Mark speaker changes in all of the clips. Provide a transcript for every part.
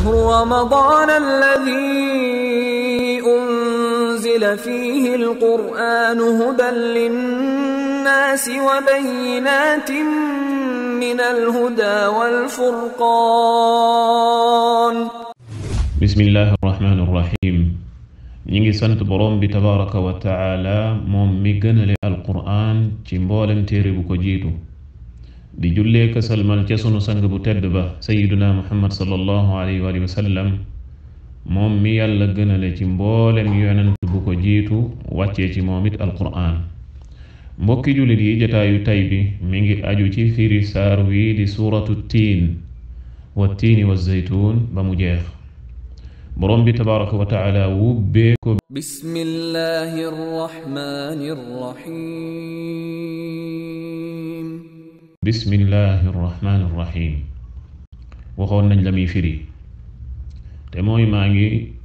Speaker 1: شهر رمضان الذي أنزل فيه القرآن هدى للناس وبينات من الهدى والفرقان
Speaker 2: بسم الله الرحمن الرحيم نيجي sant بروم تبارك وتعالى wa taala تيمبولم تيري gënale di julle ka salmal ci sunu sang bu tedd ba sayyiduna muhammad sallallahu alayhi wa sallam mom mi yàlla gënale ci mboolem yonent bu ko jitu wacce ci momit alquran alqur'aan mbokki jullit yi yu tay bi mi ngi aju ci firi sar wi di suratu tin wa tin wa zaytun ba mu jeex borom bi tabaaraku wa taala wu be ko
Speaker 1: bismillahir rahmanir rahim
Speaker 2: Bismillahirrahmanirrahim. irrahmani nañ lamuy firi te moy maa ngi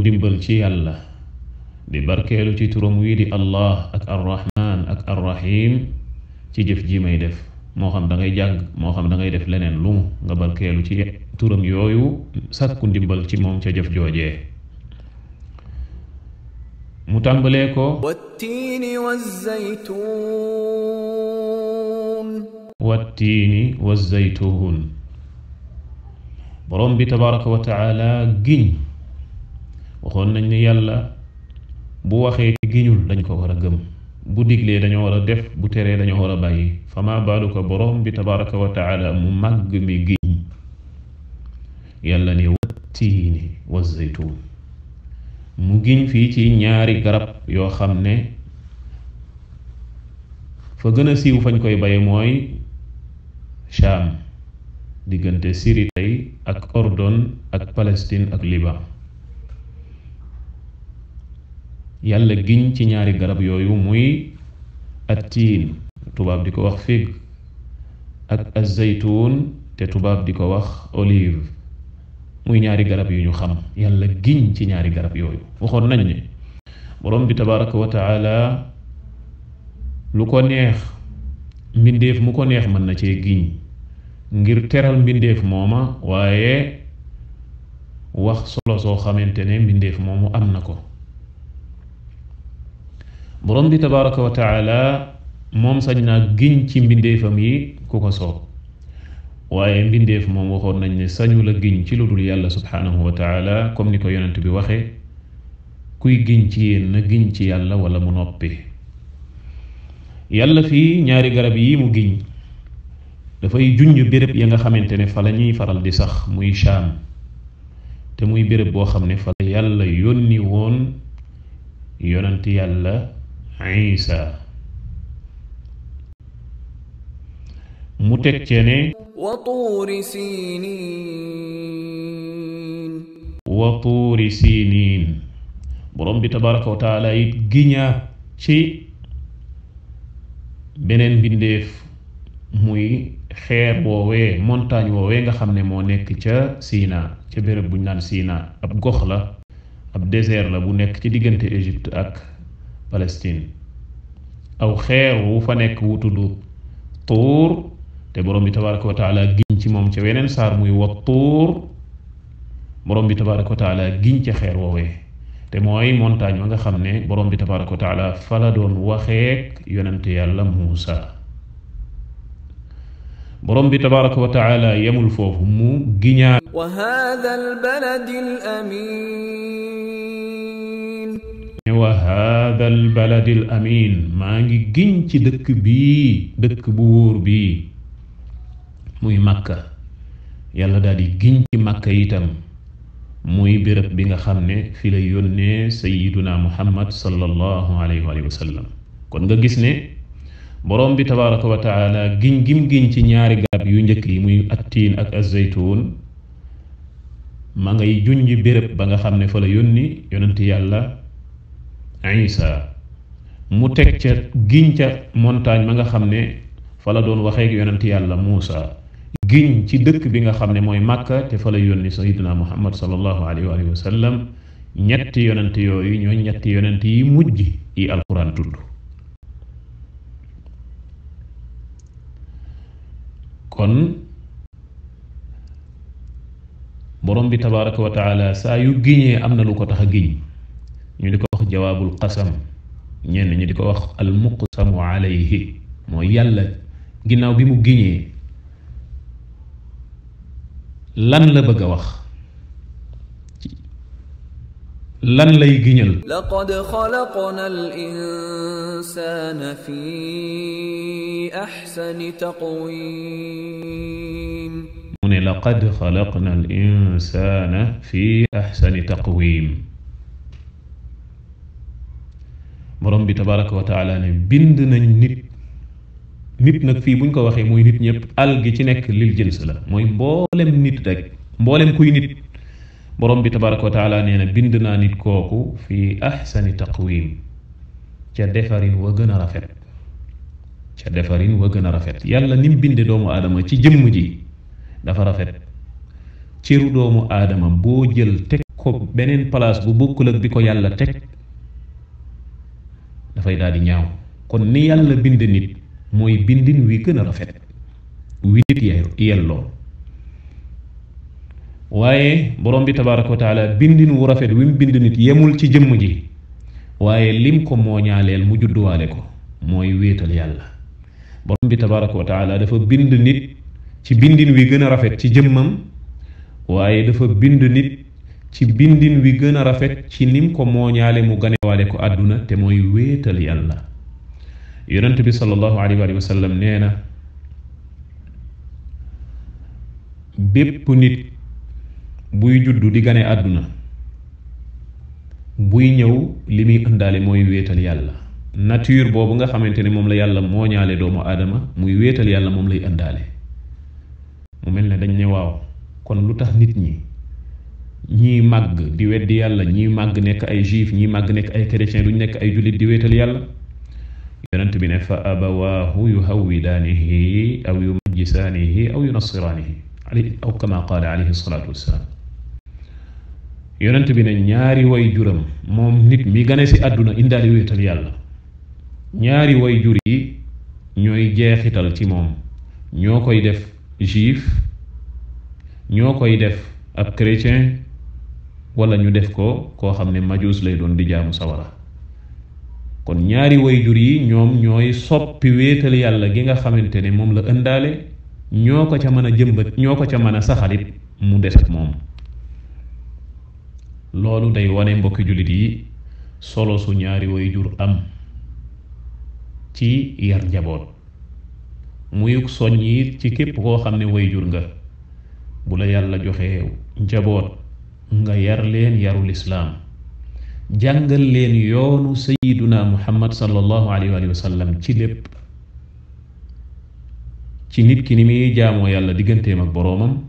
Speaker 2: ndimbal ci yalla di barkelu ci turum wi di allah ak rahman ak arrahim ci jëf ji may def mo xam da ngay jang mo xam da ngay def leneen lu nga barkelu ci turum yoyu sakku ndimbal ci mom ci jëf jojé mu tambalé ko
Speaker 1: wattini wazzaytun
Speaker 2: wattiini wa zaytuun boroom bi tabaraka wa taala giñ waxoon nañ ne yàlla bu waxee giñul dañ ko war a gëm bu diglee dañoo war a def bu teree dañoo war a bàyyi fama baalu ko boroom bi tabaraka wa taala mu màgg mi giñ yàlla ne wattiini wa zaytuun mu giñ fii ci ñaari garab yoo xam ne fa gën a siiw fañ koy bay mooy Cham diggante Syrie tey ak Ordon ak Palestine ak Liban yàlla giñ ci ñaari garab yooyu muy attiin tubaab di ko wax fig ak azaytuun te tubaab di ko wax olive muy ñaari garab yu ñu xam yàlla giñ ci ñaari garab yooyu waxoon nañ ne borom bi tabaraka wa lu ko neex mbindeef mu ko neex mën na cee giñ ngir teral mbindeef mooma waaye wax solo soo xamante ne mbindeef moomu am na ko borom bi tabaraka wa taala moom sañ naa giñ ci mbindeefam yi ku ko soob waaye mbindeef moom waxoon nañ ne sañu la giñ ci lu dul yàlla subhaanahu comme ni ko yonent bi waxe kuy giñ ci yéen na giñ ci yàlla wala mu noppi yàlla fii ñaari garab yii mu giñ dafay junj béréb ya nga xamante ne fala ñuy faral di sax muy Shaam te muy béréb boo xam ne fa la yàlla yónni woon yonent yàlla Isa mu teg cee ne wa siiniin wa bi tabaraka wa giñaat ci beneen mbindeef muy xeer woowee montagne woowee nga xam ne moo nekk ca Sina ca béréb bu naan Sina ab gox la ab désert la bu nekk ci diggante Égypte ak Palestine aw xeer wu fa nekk wu tudd tuur te borom bi tabaraka wa taala giñ ci moom ca weneen saar muy wa tuur borom bi tabaraka wa taala giñ ca xeer woowee te mooy montagne ba nga xam ne borom bi tabaraka taala fa la doon waxeek yonent yàlla muusa borom bi tabaraka wa taala yemul foofu mu giñaa
Speaker 1: wa hada albalad alamin
Speaker 2: wa hada albalad alamin maa ngi giñ ci dëkk bii dëkk bu wóor bii muy makka yàlla daal di giñ ci makka itam muy béréb bi nga xam ne fi la yónnee sayiduna muhammad sallallahu alayhi wa kon nga gis ne borom bi tabaraka wa taala giñ gim giñ ci ñaari garab yu njëkk yi muy attiin ak azaytuun ma ngay junj béréb ba nga xam ne fa la yónni yonent yàlla isa mu teg ca giñ ca montagne ma nga xam ne fa la doon waxee ak yonent yàlla muusa giñ ci dëkk bi nga xam ne mooy màkka te fa la yónni sayiduna muhammad sallallahu alayhi wa ñetti yonent yooyu ñooy ñetti yonent yi mujj yi alquran tudd kon borom bi tabaraka wa saa yu giñee am na lu ko tax a giñ ñu di ko wax jawaabul qasam ñenn ñu di ko wax almuqsamu alayhi mooy yàlla ginnaaw bi mu giñee لن لبغى وخ لن لا جنل.
Speaker 1: لقد خلقنا الإنسان في
Speaker 2: أحسن تقويم لقد خلقنا الإنسان في أحسن تقويم مرمبي تبارك وتعالى بندنا نيت nit nag fii bu ñu ko waxee mooy nit ñëpp al gi ci nekk lil jëns la mooy mboolem nit rek mboolem kuy nit borom bi tabaraka wa taala nee na bind naa nit kooku fii ahsani taqwim ca defarin wa gën a rafet ca defarin wa gën a rafet yàlla ni mu binde doomu aadama ci jëmm ji dafa rafet cëru doomu aadama boo jël teg ko beneen place bu bokkul ak bi ko yàlla teg dafay daal di ñaaw kon ni yàlla binde nit mooy bindin wi gën a rafet wi nit yelloo waaye borom bi tabaaraka wa bindin wu rafet wi mu bind nit yemul ci jëmm ji waaye lim ko mooñaaleel mu judduwaale ko mooy wéetal yàlla borom bi tabaaraka wa dafa bind nit ci bindin wi gën a rafet ci jëmmam waaye dafa bind nit ci bindin wi gën a rafet ci nim ko mooñaale mu ganewaale ko àdduna te mooy wéetal yàlla yonent bi sallallahu alayhi wa sallam nee na bépp nit buy juddu di gane àdduna buy ñëw li muy ëndaale mooy wéetal yàlla nature boobu nga xamante ne moom la yàlla mooñaale doomu aadama muy wéetal yàlla moom lay indaale mu mel ne dañ ne waaw kon lu tax nit ñi ñii màgg di weddi yàlla ñii màgg nekk ay juif ñii màgg nekk ay chrétien duñ nekk ay jullit di wéetal yàlla yonent bi ne fa abawaahu yuhawwidaanihi aw yumajjisaanihi bi ne ñaari way juram moom nit mi gane si àdduna indaali yàlla ñaari way jur yi ñooy jeexital ci moom ñoo koy def juif ñoo koy def ab chrétien wala ñu def ko koo xam ne majuus lay doon di jaamu sawara kon ñaari wayjur yi ñoom ñooy soppi wéetal yàlla gi nga xamante ne la ëndaale ñoo ko ca mën a jëmbat ñoo ca mën a saxalit mu des ak moom loolu day wane mbokki julit yi solo su ñaari wayjur am ci yar njaboot muyuk soññi ci képp koo xam ne wayjur nga bu la yàlla joxe njaboot nga yar leen yarul jàngal leen yoonu sayiduna muhammad sallallahu alayhi wa sallam ci lépp ci nit ki ni muy jaamoo yàlla digganteem ak boroomam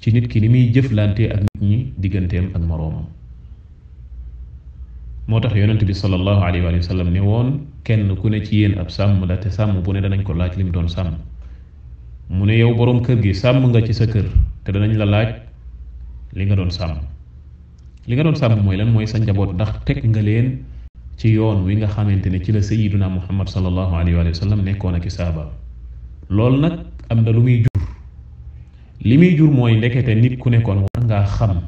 Speaker 2: ci nit ki ni muy jëflante ak nit ñi digganteem ak moroomam moo tax yonent bi sallallahu alayhi wa sallam ne woon kenn ku ne ci yéen ab sàmm la te sàmm bu ne danañ ko laaj lim doon sàmm mu ne yow boroom kër gi sàmm nga ci sa kër te danañ la laaj li nga doon sàmm li nga doon sàmm mooy lan mooy sa njaboot ndax teg nga leen ci yoon wi nga xamante ne ci la sayiduna muhammad salallahu alayhi wa sallam nekkoon ak saaba loolu nag am na lu muy jur li muy jur mooy ndekete nit ku nekkoon war ngaa xam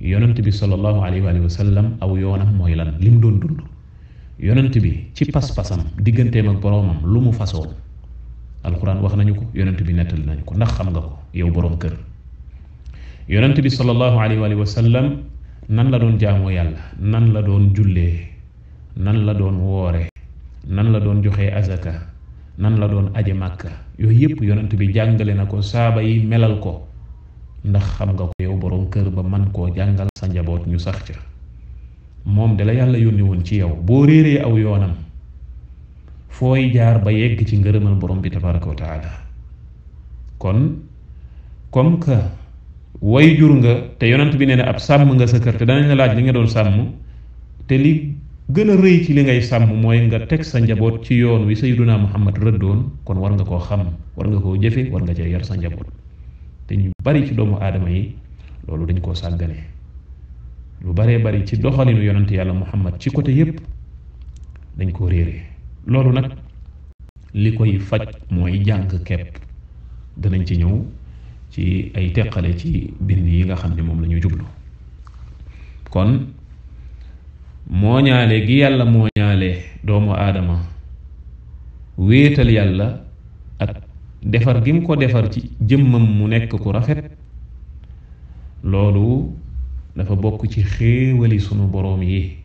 Speaker 2: yonent bi salallahu alayhi wa sallam aw yoonam mooy lan mu doon dund yonent bi ci pas-pasam digganteem ak boroomam lu mu fasoon alquran wax nañu ko yonent bi nettali nañu ko ndax xam nga ko yow borom kër yonent bi sallallahu alayhi wa sallam nan la doon jaamoo yàlla nan la doon jullee nan la doon woore nan la doon joxe azaka nan la doon aje màkka yooyu yëpp yonent bi jàngale na ko saaba yi melal ko ndax xam nga ko yow boroom kër ba man koo jàngal sa njaboot ñu sax ca moom dala yàlla yónni woon ci yow boo réeree aw yoonam fooy jaar ba yegg ci ngërëmal borom bi tabaraka wa kon comme que way jur nga te yonent bi neena ab Sam nga sa kër te danañ la laaj li nga doon sàmm te li gën a rëy ci li ngay sàmm mooy nga teg sa njaboot ci yoon wi muhammad rëddoon kon war nga koo xam war nga koo jëfe war nga cee yar sa njaboot te ñu bari ci doomu aadama yi loolu dañ koo sàggane lu bare bari ci doxalinu yonent yàlla muhammad ci côté yépp dañ koo réere loolu nag li koy faj mooy jàng kepp danañ ci ñëw ci ay teqale ci bind yi nga xam ne moom la ñu jublu kon mooñaale gi yàlla mooñaale doomu aadama wéetal yàlla ak defar gi mu ko defar ci jëmmam mu nekk ku rafet loolu dafa bokk ci xéewali sunu boroom yi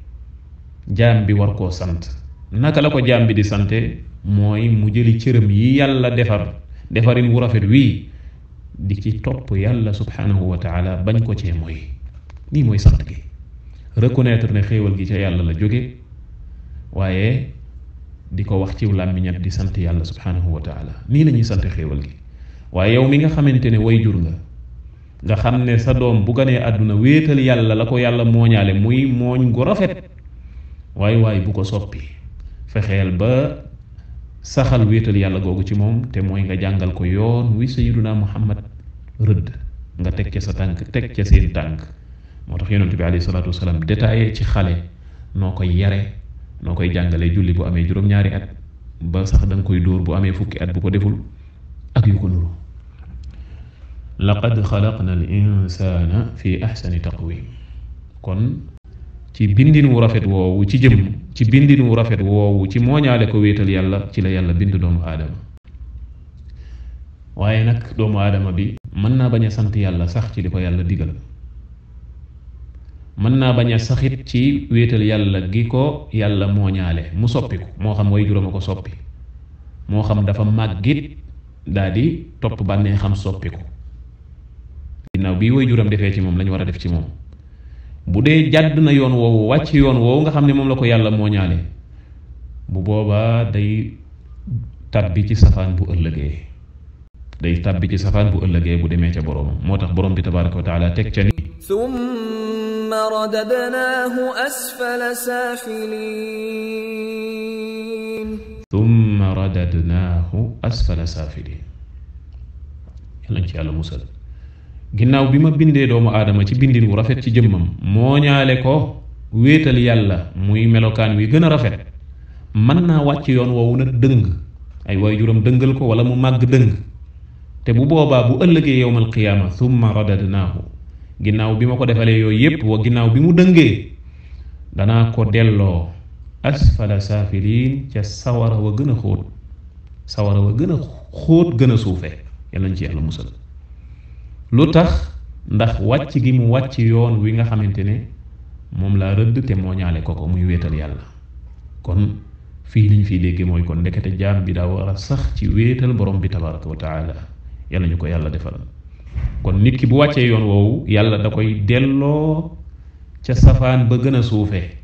Speaker 2: jaam bi war koo sant naka la ko jaam bi di sante mooy mu jëli cëram yi yàlla defar defarin wu rafet wii di ci topp yàlla subhanahu wa taala bañ ko cee mooy nii mooy sant gi reconnaître ne xéewal gi ca yàlla la jóge waaye di ko wax ci làmmiñam di sant yàlla subhanahu wa taala nii la ñuy sant xéewal gi waaye yow mi nga xamante ne way jur nga nga xam ne sa doom bu ganee àdduna wéetal yàlla la ko yàlla mooñaale muy mooñ gu rafet waaye waaye bu ko soppi fexeel ba saxal wéetal yàlla googu ci moom te mooy nga jàngal ko yoon wi sayyiduna muhammad rëdd nga teg ca sa tànk teg ca seen tànk moo tax yonent bi alayhi salaatu wasalaam détaillé ci xale noo koy yare noo koy jàngalee julli bu amee juróom-ñaari at ba sax danga koy dóor bu amee fukki at bu ko deful ak yu ko nuru laqad xalaqna al insana fi ahsani taqwim kon ci bindin wu rafet woowu ci jëm ci bindin wu rafet woowu ci mooñaale ko wéetal yàlla ci la yàlla bind doomu aadama waaye nag doomu aadama bi mën naa bañ a sant yàlla sax ci li ko yàlla digal mën naa bañ a saxit ci wéetal yàlla gi ko yàlla mooñaale mu soppiku moo xam way juróom a ko soppi moo xam dafa màggit daal di topp bànnee xam soppiku ginnaaw bii way juram defee ci moom lañu war a def ci moom budé jàdd na yoon woowu wàcc yoon woowu nga xam ne moom la ko yàlla moo ñaale bu boobaa day tàbbi ci safaan bu ëllëgee day tàbbi ci safaan bu ëllëgee bu demee ca borom moo tax borom bi tabaraka wa taala teg ca ni
Speaker 1: summa radadnaahu asfala saafiliin
Speaker 2: summa radadnaahu asfala saafiliin yàlla ci yàlla musal ginnaaw bi ma bindee doomu aadama ci bindin mu rafet ci jëmmam moo ñaale ko wéetal yàlla muy melokaan wi gën a rafet mën naa wàcc yoon woowu nag dëng ay waajuram dëngal ko wala mu màgg dëng te bu boobaa bu ëllëgee yowmal qiyaama summa radadnaahu ginnaaw bi ma ko defalee yooyu yépp wa ginnaaw bi mu dëngee danaa ko delloo asfala saafiliin ca sawara wa gën a xóot sawara wa gën a xóot gën a suufe yal nañ ci yàlla musal lu tax ndax wàcc gi mu wàcc yoon wi nga xamante ne moom laa rëdd te moo ko ko muy wéetal yàlla kon fii liñ fiy dégge mooy kon ndekete jaam bi daa war a sax ci wéetal borom bi tabaraka wa taala yàlla ñu ko yàlla defal kon nit ki bu wàccee yoon woowu yàlla da koy delloo ca safaan ba gën a suufee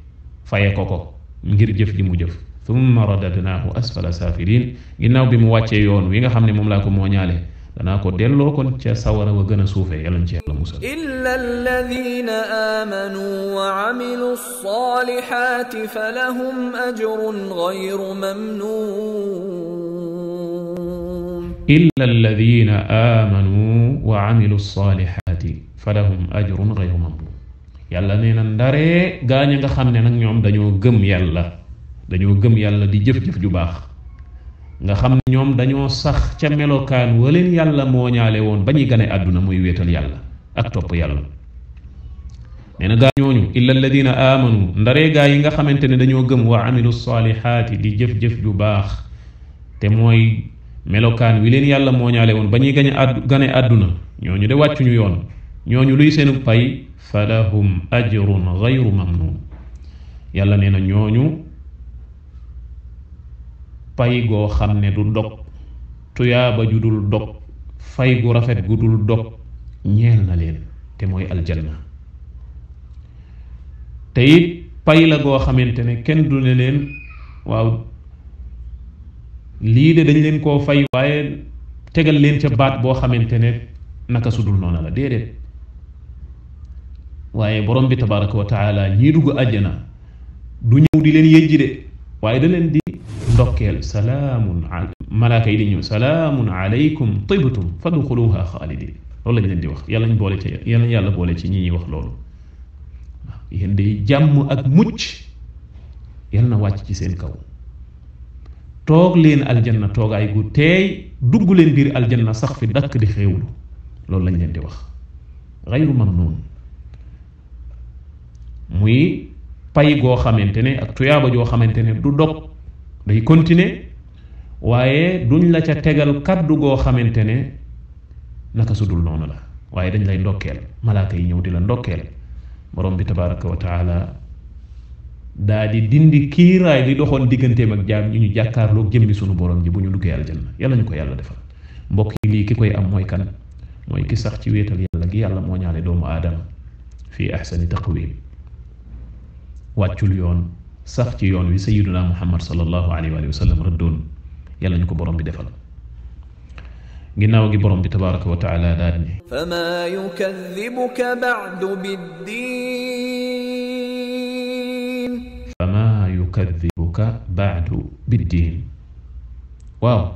Speaker 2: faye ko ko ngir jëf li mu jëf thumma radadnaahu asfala saafiliin ginnaaw bi mu wàccee yoon wi nga xam ne moom laa ko mooñaale dana ko delloo kon ci sawara wa gëna soufey yalla ci yàlla
Speaker 1: musal illa alladhina amanu wa amilu salihati falahum ajrun ghayru mamnun
Speaker 2: illa alladhina amanu wa amilu salihati falahum ajrun ghayru mamnun yàlla neena ndare gaañ nga xamne nak ñom dañu gëm yàlla dañu gëm yàlla di jëf-jëf ju baax nga xam ne ñoom dañoo sax ca melokaan waleen yàlla moo ñaale woon ba ñuy gane àdduna muy wetal yàlla ak topp yàlla nee na gaa ñooñu illa alladina aamanu ndaree gaa yi nga xamante ne dañoo gëm wa amilu saalihaati di jëf-jëf ju baax te mooy melokaan wi leen yàlla moo ñaale woon ba ñuy gañ àdd gane àdduna ñooñu de wàccuñu yoon ñooñu luy seenu pay falahum ajrun gayru mamnun yàlla nee ñooñu pay goo xam ne du dog tuyaaba ju dul dog fay gu rafet gu dul dog ñeel na leen te mooy aljanna te it pay la goo xamante ne kenn du ne leen waaw lii de dañ leen koo fay waaye tegal leen ca baat boo xamante ne naka su dul noona la déedéet waaye borom bi tabaraka wa ñii dugg àjjana du ñëw di leen yëjji de waaye da leen di ndokkeel salaamun malaaka yi di ñëw salaamun aleykum tibtum fadxuluha xaalidin loolu lañ leen di wax yàlla ñu boole ci yàlla boole ci ñi ñuy wax loolu waaw yéen jàmm ak mucc yàlla wàcc ci seen kaw toog leen aljanna toogaay gu teey dugg leen biir aljanna sax fi dakk di xéewlu loolu lañ leen di wax xayru mamnuun muy pay goo xamante ne ak tuyaaba joo xamante ne du dog day continuer waaye duñ la ca tegal kàddu goo xamante ne naka sudul noonu la waaye dañ lay ndokkeel malaaka yi ñëw di la ndokkeel borom bi tabaraka wa taala daa di dindi kiiraay li doxoon digganteem ak jaam ñu ñu jàkkaarloog jëmmi sunu borom ji bu ñu duggee aljanna yàlla ñu ko yàlla defal mbokk yi lii ki koy am mooy kan mooy ki sax ci wéetal yàlla gi yàlla moo ñaale doomu aadama fii ahsani taqwim wàccul yoon sax ci yoon wi sayyiduna muhammad sallallahu alayhi wa sallam rëddoon yàlla ñu ko borom bi defal ginnaaw gi borom bi tabaraka wa taala daal ni
Speaker 1: fama yukadibuka badu biddin
Speaker 2: fama yukadibuka badu biddin waaw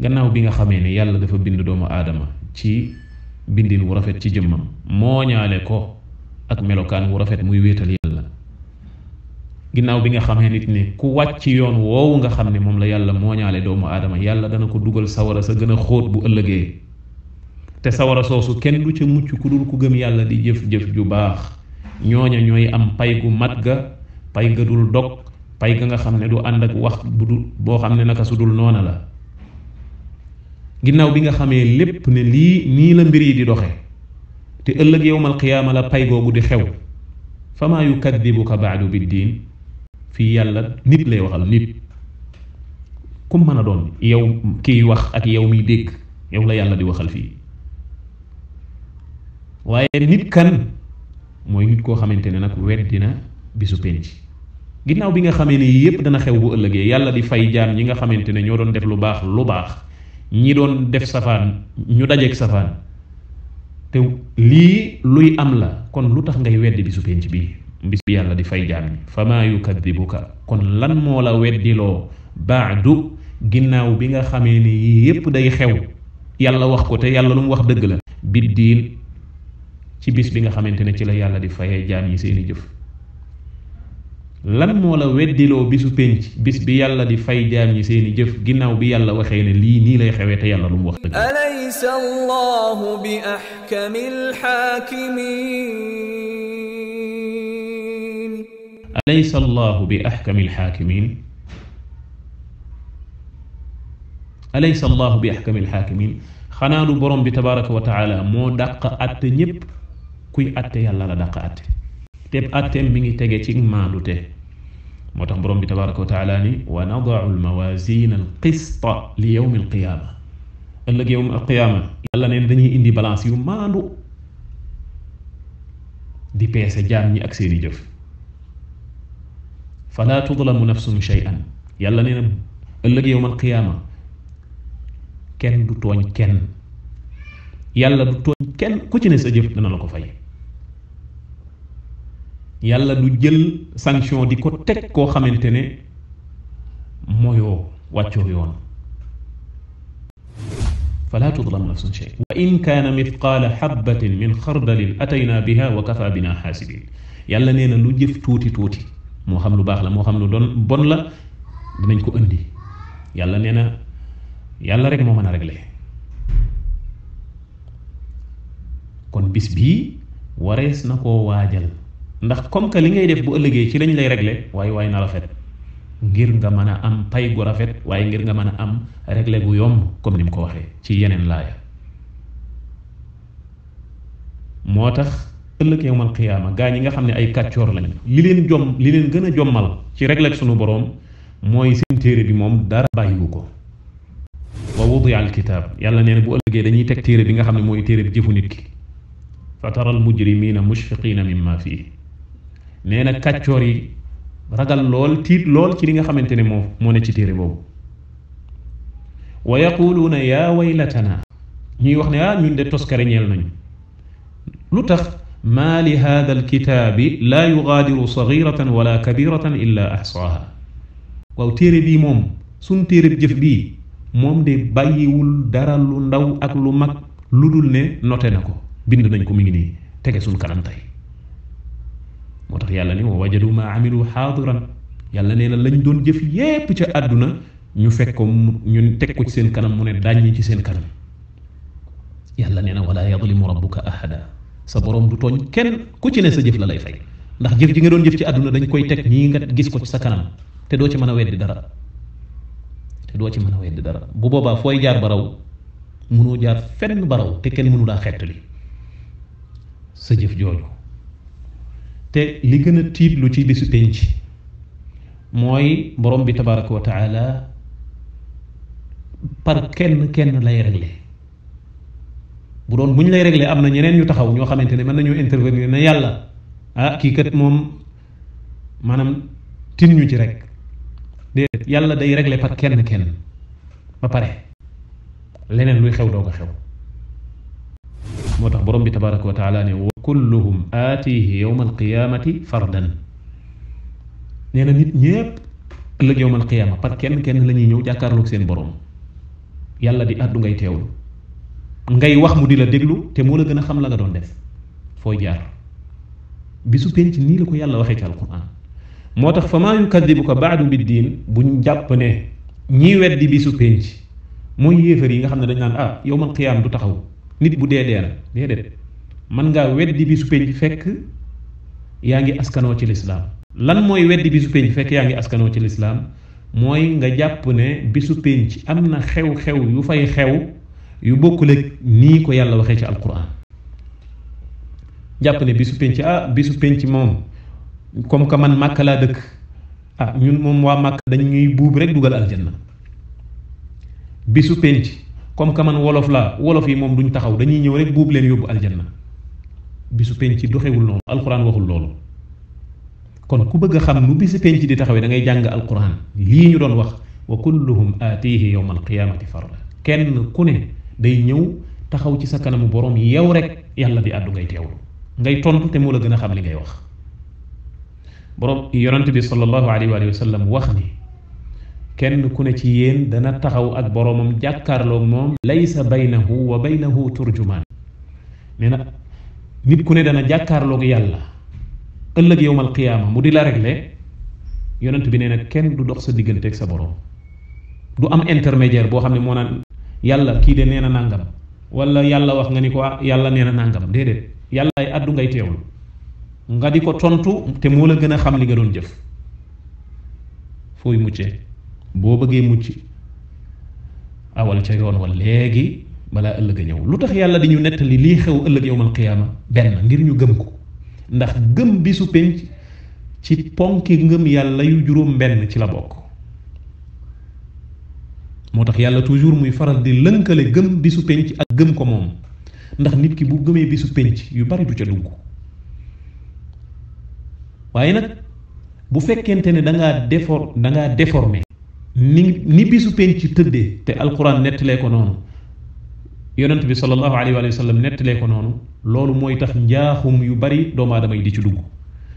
Speaker 2: gannaaw bi nga xamee ne yàlla dafa bind doomu aadama ci bindin wu rafet ci jëmmam mooñaale ko ak melokaan wu rafet muy wéetal ginnaaw bi nga xamee nit ne ku wàcc yoon woowu nga xam ne moom la yàlla mooñaale doomu aadama yàlla dana ko dugal sawara sa gën a bu ëllëgee te sawara soosu kenn du ca mucc ku dul ku gëm yàlla di jëf-jëf ju baax ñooña ñooy am pay gu mat ga pay ga dul dog pay ga nga xam ne du ànd ak wax bu dul boo xam ne naka su dul noona la ginnaaw bi nga xamee lépp ne lii nii la mbir yi di doxe te ëllëg yowmal qiyaama la pay googu di xew fama yukadibuka baadu biddin Fi yàlla nit lay waxal nit kum mën a doon yow kiy wax ak yow miy dégg yow la yàlla di waxal fii waaye nit kan mooy nit koo xamante ne nag na bisu penc ginnaaw bi nga xamee ne yépp dana xew bu ëllëgee yàlla di fay jaam ñi nga xamante ne ñoo doon def lu baax lu baax ñi doon def safaan ñu dajeeg safaan te lii luy am la kon lu tax ngay weddi bisu penc bi. bis bi yàlla di fay jaam ñi fama yukadibuka kon lan moo la weddiloo baadu ginnaaw bi nga xamee ni yii yépp day xew yàlla wax ko te yàlla lu mu wax dëgg la biddiin ci bis bi nga xamante ne ci la yàlla di fayee jaam yi seeni jëf lan moo la weddiloo bisu pénc bis bi yàlla di fay jaam yi seeni jëf ginnaaw bi yàlla waxee ne lii nii lay xewee te yàlla lu mu wax
Speaker 1: dëgg alaysa allahu bi ahkamil xaakimiin
Speaker 2: أليس الله بأحكم الحاكمين؟ أليس الله بأحكم الحاكمين؟ خنال برم بتبارك وتعالى مو دق أت نيب كوي أت يلا لا دق أت تب أتن من تجتين ما نته متم برم بتبارك وتعالى ونضع الموازين القسط ليوم القيامة اللي يوم القيامة يلا نندني إندي بالانس يوم ما نو دي بيسة جامي أكسيري جوفي فلا تظلم نفس شيئا يلا نين الله يوم القيامة كن دوتون كن يلا دوتون كن كوتين سجف دنا لكو فاي يلا دو جيل سانكسيون ديكو تك كو خامنتيني مويو واتيو يون فلا تظلم نفس شيء وإن كان مثقال حبة من خردل أتينا بها وكفى بنا حاسبين يلا نينا لو توتي توتي moo xam lu baax la moo xam lu doon bon la dinañ ko indi yàlla nee na yàlla rek moo mën a réglé kon bis bii warees na koo waajal ndax comme que li ngay def bu ëllëgee ci lañ lay réglé na rafet ngir nga mën am pay gu rafet waaye ngir nga mën am réglé gu yomb comme ni mu ko waxee ci yeneen laaya moo ëllëg yowmal qiyaama gaa ñi nga xam ne ay kàccoor lañ li leen jom li leen gën a jommal ci regleeg sunu boroom mooy seen téere bi moom dara bàyyiwu ko wa wudia alkitaab yàlla nee na bu ëllëgee dañuy teg téere bi nga xam ne mooy téere bi jëfu nit ki fa tara al mujrimina mushfiqina mimma fii nee na kàccoor yi ragal lool tiit lool ci li nga xamante ne moo moo ne ci téere boobu wa yaquluuna yaa waylatana ñuy wax ne ah ñun de toskare nañu lu tax maa li hada la laa yugaadiru saxiratan wala kabiratan illa axsaaha waaw téere bii moom suñ téereb jëf bii moom de bàyyiwul dara lu ndaw ak lu mag lu dul ne noté na ko bind nañ ko mi ngi nii tege suñ kanam tey moo tax yàlla ne wa wajadu maa amilu xaadiran yàlla nee na lañ doon jëf yépp ca àdduna ñu fekk ko ñu teg ko ci seen kanam mu ne dàññi ci seen kanam yàlla nee na wala yadlimu rabbuka ahada sa borom du tooñ kenn ku ci ne sa jëf la lay fay ndax jëf ji nga doon jëf ci àdduna dañ koy teg ñii nga gis ko ci sa kanam te doo ci mën a weddi dara te doo ci mën a weddi dara bu boobaa fooy jaar ba raw mënoo jaar fenn ba raw te kenn mënu laa xettali sa jëf jooju te li gën a lu ci bisu penc mooy borom bi tabaraka wa par kenn kenn lay réglé bu doon bu lay régler amna ñeneen ñu taxaw ño xamantene man nañu intervenir na yàlla ah ki kat mom manam tin ñu ci rek dedet yàlla day régler par kenn kenn ba pare leneen luy xew doog a xew motax borom bi tabaaraku wa taala ni wa kulluhum aatihi al-qiyamati fardan neena nit ñépp ëlëk ëllëg al-qiyamah par kenn kenn lañuy ñuy ñëw jàkkaarloog seen borom yàlla di àddu ngay teewlu ngay wax mu di la déglu te moo la gën a xam la nga doon def foo jaar bisu penc nii la ko yàlla waxee ci alquran moo tax fa maa ko baadu bi diin buñ jàpp ne ñii weddi bisu penc mooy yéefar yi nga xam ne dañ naan ah yowmal qiyaam du taxaw nit bu dee dee na déedéet man ngaa weddi bisu penc fekk yaa ngi askanoo ci lislaam lan mooy weddi bisu penc fekk yaa ngi askanoo ci lislaam mooy nga jàpp ne bisu penc am na xew-xew yu fay xew yu bokkul ak nii ko yàlla waxee ci alquran jàpp ne bisu penc ah bisu penc moom comme que man màkk laa dëkk ah ñun moom waa màkk dañ ñuy buub rek dugal aljanna bisu penc comme que man wolof laa wolof yi moom duñ taxaw dañuy ñëw rek buub leen yóbbu aljanna bisu ci doxewul noonu alquran waxul loolu kon ku bëgg a xam nu bisu penc di taxawee da ngay jàng alquran lii ñu doon wax wa kulluhum aatihi yowma alqiyamati farda kenn ku ne day ñëw taxaw ci sa kanamu borom yow rek yàlla bi àddu ngay teewlu ngay tontu te moo la gën a xam li ngay wax borom yonent bi sallallahu alayhi wa sallam wax ni ku ne ci yéen dana taxaw ak boromam jàkkaarloog moom laysa baynahu wa baynahu turjumaan nee na nit ku ne dana jàkkaarlook yàlla ëllëg yowmal qiyaama mu di la le yonent bi nee na kenn du dox sa digganteeg sa borom du am intermédiaire boo xam ne moo naan yàlla kii de nee na nàngam wala yàlla wax nga ni ko ah, yàlla nee na nàngam déedéet yàlla ay addu ngay teewlu nga di ko tontu te moo la gën a xam li nga doon jëf fooy muccee boo bëggee mucc awal ca yoon wa léegi balaa ëllëg a ñëw lu tax yàlla di ñu nettali lii xew ëllëg yowmal qiyaama benn ngir ñu gëm ko ndax gëm bisu penc ci ponki ngëm yàlla yu juróom benn ci la bokk moo tax yàlla toujours muy faral di lënkale gëm bisu penc ak gëm ko moom ndax nit ki bu gëmee bisu penc yu bari du ca dugg waaye nag bu fekkente ne danga ngaa défor da ni ni bisu penc tëddee te alquran nettalee ko noonu yonent bi sallallahu alayhi wa sallam nettalee ko noonu loolu mooy tax njaaxum yu bari doomu aadama yi di ci dugg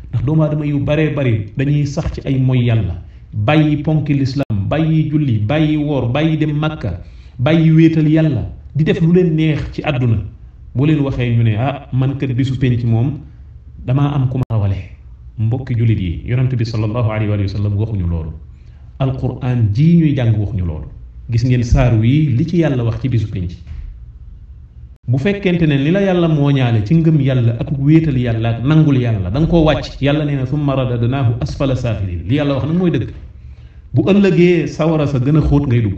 Speaker 2: ndax doomu yu baree bari dañuy sax ci ay moy yàlla bàyyi ponki lislaam bàyyi julli bàyyi woor bàyyi dem makka bàyyi wéetal yàlla di def lu leen neex ci àdduna boo leen waxee ñu ne ah man kat bisu penc moom dama am ku ma rawale mbokki jullit yi yonent bi sallallahu alayhi wa sallam waxuñu loolu alquran jii ñuy jàng waxuñu loolu gis ngeen saar wii li ci yàlla wax ci bisu penc bu fekkente ne li la yàlla mooñaale ci ngëm yàlla ak wéetal yàlla ak nangul yàlla da nga koo wàcc yàlla nee na summa radadnaahu asfala saafilin li yàlla wax nag mooy dëgg bu ëllëgé sawara sa gëna xóot ngay dugg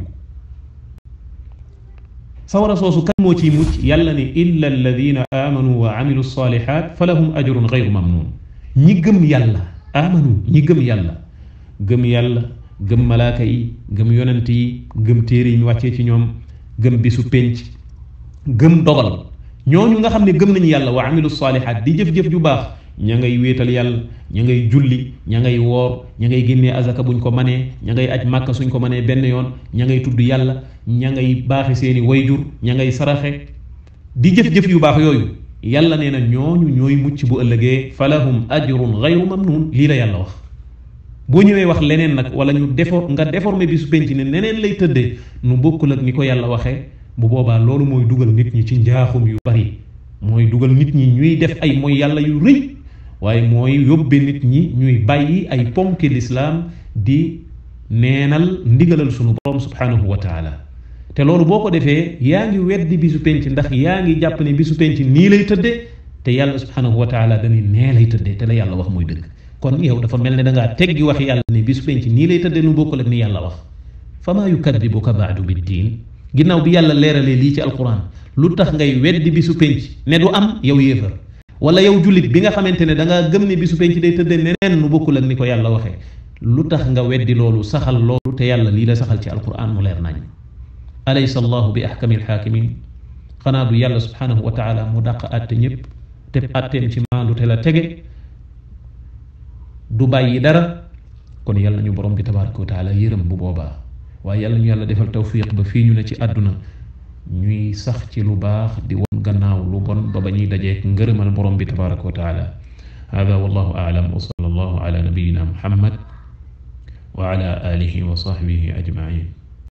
Speaker 2: sawara soosu kan moo ciy mucc yàlla ne illa alladina amanu wa amilu salihat fa lahum ajrun gayru mamnun ñi gëm yàlla amanu ñi gëm yàlla gëm yàlla gëm malaaka yi gëm yonent yi gëm téere yi ñu wàccee ci ñoom gëm bisu penc gëm dogal ñooñu nga xam ne gëm nañu yàlla wa amilu salihat di jëf-jëf ju baax ña ngay wéetal yàlla ña ngay julli ña ngay woor ña ngay génnee azaka buñ ko manee ña ngay aj màkka suñ ko manee benn yoon ña ngay tudd yàlla ña ngay baaxe seeni wayjur ña ngay saraxe di jëf-jëf yu baax yooyu yàlla nee na ñooñu ñooy mucc bu ëllëgee falahum ajrun gayru mamnun lii la yàlla wax boo ñëwee wax leneen nag wala ñu défor nga déformé bi su penc ne neneen lay tëddee nu bokkul ak ni ko yàlla waxee bu boobaa loolu mooy dugal nit ñi ci njaaxum yu bari mooy dugal nit ñi ñuy def ay mooy yàlla yu waaye mooy yóbbe nit ñi ñuy bàyyi ay ponki lislaam di neenal ndigalal sunu borom subhanahu wa taala te loolu boo ko defee yaa ngi weddi su penc ndax yaa ngi jàpp ne su penc nii lay tëdde te yàlla subhanahu wa taala dañuy nee lay tëddee te la yàlla wax mooy dëgg kon yow dafa mel ne dangaa ngaa teggi wax yàlla ne bisu penc nii lay tëddee nu bokkul ak ni yàlla wax fa maa yukadibuka baadu biddiin ginnaaw bi yàlla leeralee lii ci alquran lu tax ngay weddi bisu penc ne du am yow yéefar wala yow julit bi nga xamantene da nga gëm ni bisu penc day tëddee neneen nu bokul ak niko yàlla waxe lutax nga weddi lolu saxal lolu te yàlla li la saxal ci alquran mu leer nañ alaysa allah bi ahkami alxaakimin qana du yàlla subhanahu wa taala mu dàq at ñep te àtteem ci maandu te la tege du bàyyi dara kon yàlla ñu borom bi tabaaraku taala yeeram bu boba waaye yàlla ñu yàlla defal tawfiq ba fi ñu ne ci aduna ñuy sax ci lu baax di won gannaaw lu bon ba ba ñuy dajeek ngërëmal borom bi tabaraka wa taala هذا والله أعلم وصلى الله على نبينا محمد وعلى آله وصحبه أجمعين